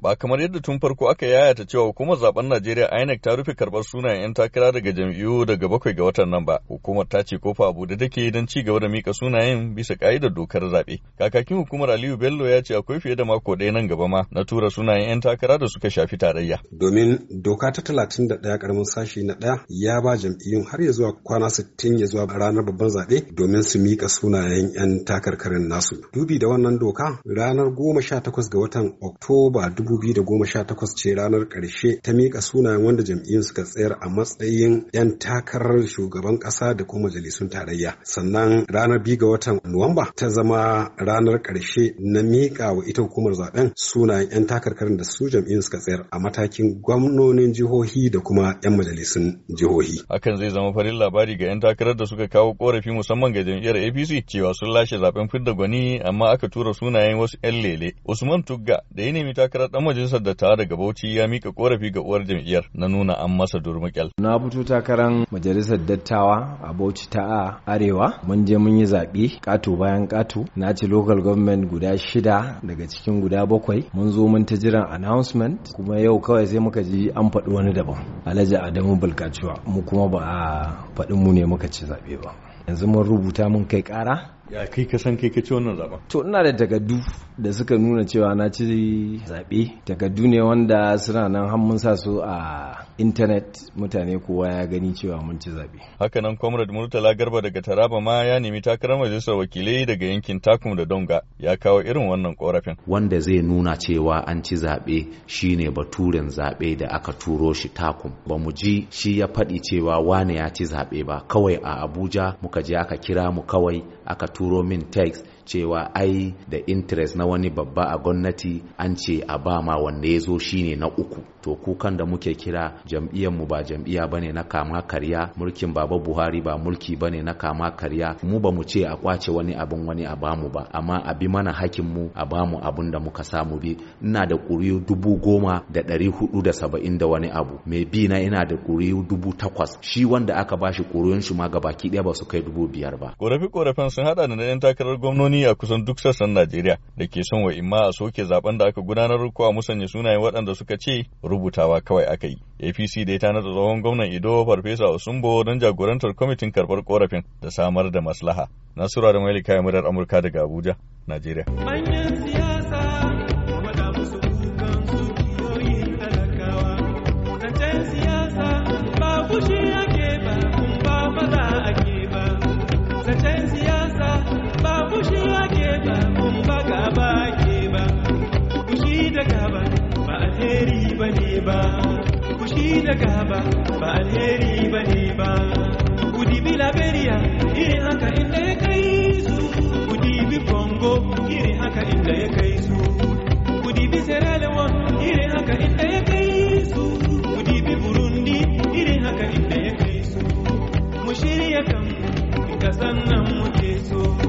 ba kamar yadda tun farko aka yayata cewa hukumar zaben Najeriya INEC ta rufe karbar sunayen 'yan takara daga jam'iyyu daga bakwai ga watan nan ba. Hukumar ta ce kofa abu da take don ci gaba da mika sunayen bisa ka'idar dokar zaɓe. Kakakin hukumar Aliyu Bello ya ce akwai fiye da mako ɗaya nan gaba ma na tura sunayen 'yan takara da suka shafi tarayya. Domin doka ta talatin da ɗaya karamin sashi na ɗaya ya ba jam'iyyun har ya zuwa kwana sittin ya zuwa ranar babban zaɓe domin su mika sunayen 'yan takarkarin nasu. Dubi da wannan doka ranar goma sha takwas ga watan Oktoba 2018 ce ranar ƙarshe ta miƙa sunayen wanda jam'iyyun suka tsayar a matsayin 'yan takarar shugaban ƙasa da kuma majalisun tarayya. Sannan ranar biyu ga watan Nuwamba ta zama ranar ƙarshe na miƙa wa ita hukumar zaben sunayen 'yan takarkarin da su jam'iyyun suka tsayar a matakin gwamnonin jihohi da kuma 'yan majalisun jihohi. Hakan zai zama farin labari ga 'yan takarar da suka kawo korafi musamman ga jam'iyyar APC cewa sun lashe zaben fidda gwani amma aka tura sunayen wasu 'yan lele. Usman Tugga da ya nemi takarar dan majalisar dattawa daga Bauchi ya mika korafi ga uwar jam'iyyar na nuna an masa durmukel. Na fito takarar majalisar dattawa a Bauchi ta a Arewa mun je mun yi zaɓe ƙato bayan ƙato na ci local government guda shida daga cikin guda bakwai mun zo mun ta jiran announcement kuma yau kawai sai muka ji an faɗi wani daban. Alhaji Adamu Bulkaciwa mu kuma ba a faɗin mu ne muka ci zaɓe ba. Yanzu mun rubuta mun kai ƙara ya kai ka san kai ka ci wannan to ina da takardu da suka nuna cewa na ci zaɓe takardu ne wanda suna nan har mun sa su a intanet mutane kowa ya gani cewa mun ci zaɓe hakanan comrade murtala garba daga taraba ma ya nemi takarar majalisar wakilai daga yankin takum da donga ya kawo irin wannan korafin wanda zai nuna cewa an ci zaɓe shine baturen zaɓe da aka turo shi takum ba mu ji shi ya faɗi cewa wane ya ci zaɓe ba kawai a abuja muka je aka kira mu kawai aka turo min text cewa ai da interest na wani babba a gwamnati an ce a ba ma wanda ya zo shine na uku to kukan da muke kira jam'iyyar mu ba jam'iyya bane na kama karya mulkin baba buhari ba mulki bane na kama karya mu ba mu ce a kwace wani abin wani a bamu ba amma a bi mana hakin mu a bamu abin da muka samu bi ina da kuriyu dubu goma da ɗari hudu da saba'in da wani abu mai bi na ina da kuriyu dubu takwas shi wanda aka bashi kuriyun shi ma gabaki ɗaya ba su kai dubu biyar ba korafi korafin sun hada da na 'yan takarar gwamnoni a kusan duk sassan Najeriya da ke son wa imma a soke zaben da aka gudanar ko a musanya sunayen waɗanda suka ce rubutawa kawai aka yi. APC dai ta nata tsohon gwamnan Ido Farfesa Osumbo don jagorantar kwamitin karɓar korafin da samar da maslaha. Nasura da Maili kayan murar Amurka daga Abuja, Najeriya. siyasa ba ake ba, ake ba, ba alheri ba ne ba fushi da gaba ba alheri ba ne ba kudi bi laberiya irin haka inda ya kai su kudi bi haka inda ya kai su kudi bi sierra leone haka inda ya kai su kudi bi burundi iri haka inda ya kai su mu shirya kanmu kasan nan muke so